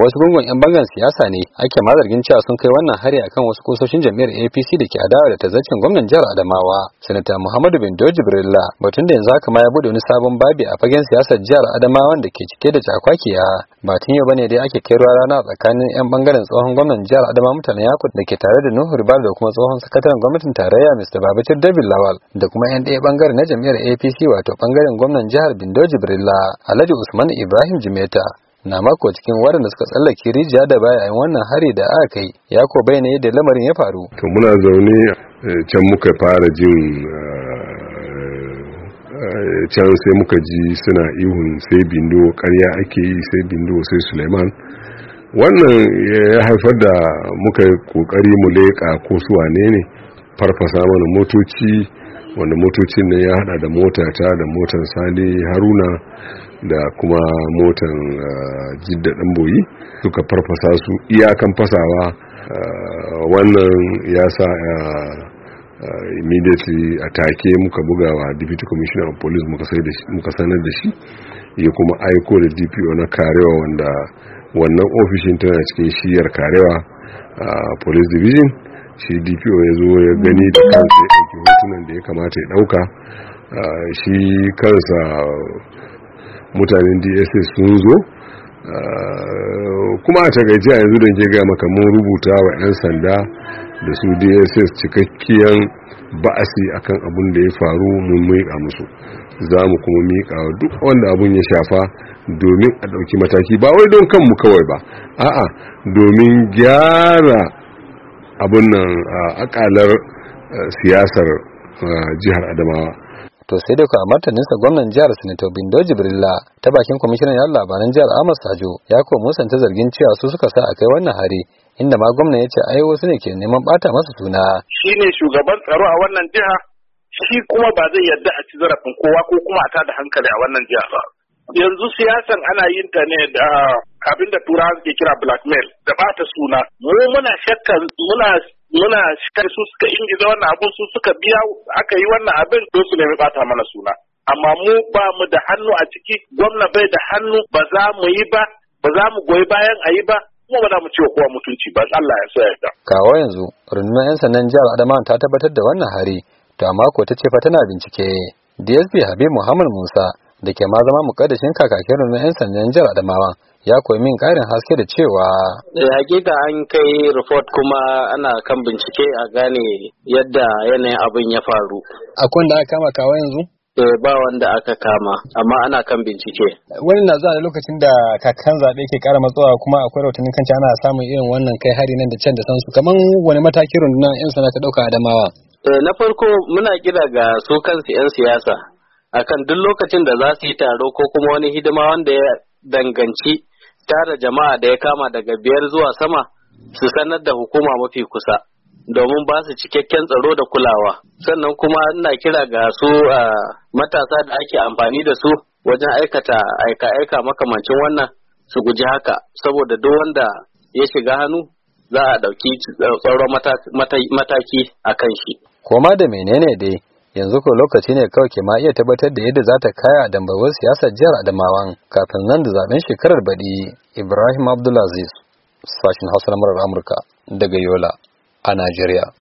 wasu gungun 'yan bangan siyasa ne ake ma zargin cewa sun kai wannan hari akan wasu kusoshin jam'iyyar apc da ke adawa da tazaccen gwamnan jihar adamawa sanata muhammadu bin doji birilla batun da yanzu haka ma ya bude wani sabon babi a fagen siyasar jihar adamawa da ke cike da jakwakiya tun yau bane dai ake kai rana tsakanin 'yan bangaren tsohon gwamnan jihar adamawa mutane yakut da ke tare da nuhu ribal da kuma tsohon sakataren gwamnatin tarayya mr babacir david lawal da kuma 'yan ɗaya bangaren na jam'iyyar apc wato bangaren gwamnan jihar bin doji birilla alhaji usman ibrahim jimeta na mako cikin waɗanda suka tsallake rijiya da baya a wannan hari da aka kai ya ko bayyana yadda lamarin ya faru to muna zaune eh, can muka fara jin eh, eh, can sai muka ji suna ihun sai bindo karya ake yi sai bindo sai suleiman wannan ya haifar da muka kokari mu leƙa ko su ne farfasa mana motoci wanda motocin ne ya hada da mota ta da motan sani haruna da kuma motan ah, jidda dan boyi suka farfasa su iyakan fasawa ah, wannan ya sa ah, immediately a take muka buga wa deputy commissioner of police muka sanar da shi ya kuma aiko da dpo na karewa wanda wannan ofishin tana cikin shiyar karewa police division shi dpo ya zo ya gani da kansa ya ɗauki hotunan da ya kamata ya ɗauka ah, shi kansa mutanen dss sun zo ah, kuma a takaice a yanzu don ke gaya makamun rubuta wa 'yan sanda da su dss cikakkiyan ba'asi akan abin da ya faru mun miƙa musu za mu kuma miƙa duk wanda abun ya shafa domin a ɗauki mataki ba wai don kanmu kawai ba a'a domin gyara abin nan akalar siyasar jihar adamawa to sai dai ku a martaninsa gwamnan jihar sinato bindo jibrilla ta bakin kwamishinan yan labaran jihar ahmad sajo ya ko musanta zargin cewa su suka sa akai wannan hari inda ma gwamnan ya ce ai wasu ne ke neman bata masa suna shine shugaban tsaro a wannan jiha shi kuma ba zai yadda a ci zarafin kowa ko kuma a tada hankali a wannan jiha ba yanzu siyasan ana yin ta ne da abin da turawa suke kira blackmail da ba ta suna mu muna shakkan muna muna shakkan su suka ingiza wannan abun su suka biya aka yi wannan abin don su nemi bata mana suna amma mu ba mu da hannu a ciki gwamna bai da hannu ba za mu yi ba ba za mu goyi bayan a yi ba kuma ba za mu cewa kowa mutunci ba Allah ya so ya yarda kawo yanzu rundunar yan sandan jihar Adamawa ta tabbatar da wannan hari to amma ko ta ce fa tana bincike DSP Habib Muhammad Musa da ke ma zama mukaddashin kakakin rundunar yan sandan jihar Adamawa ya koyi min ƙarin haske da cewa eh, hakika an kai report kuma ana kan bincike a gane yadda yanayin abin ya faru akwai wanda aka kama kawo yanzu eh, ba wanda aka kama amma ana kan bincike wani na zuwa lokacin da kakan zaɓe ke ƙara matsawa kuma akwai rahotannin kanci ana samun irin wannan kai hari nan da can da sansu kamar wani mataki rundunar 'yan sana ta ɗauka adamawa eh, na farko muna kira ga su kansu 'yan siyasa akan duk lokacin da za su yi taro ko kuma wani hidima wanda ya danganci tara jama'a da ya kama daga biyar zuwa sama su sanar da hukuma mafi kusa domin ba su cikakken tsaro da kulawa sannan kuma ina kira ga su matasa da ake amfani da su wajen aikata aika-aika makamancin wannan su guji haka saboda duk wanda ya shiga hannu za a ɗauki tsaron mataki a kan shi. Koma da menene dai yanzu ko lokaci ne kawai ke ma iya tabbatar da yadda za ta kaya a dambarwar siyasar jihar adamawan kafin nan da zaben shekarar baɗi ibrahim abdulaziz sashen hausa na murar amurka daga yola a najeriya